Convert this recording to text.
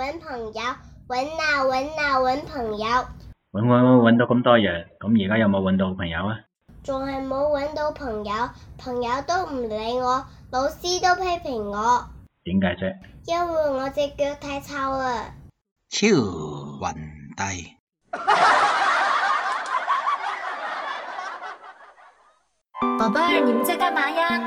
搵朋友，搵啊搵啊搵朋友。搵搵搵搵到咁多日，咁而家有冇搵到朋友啊？仲係冇搵到朋友，朋友都唔理我，老師都批評我。點解啫？因為我隻腳太臭啦。超暈低。寶貝兒，你們在幹嘛呀？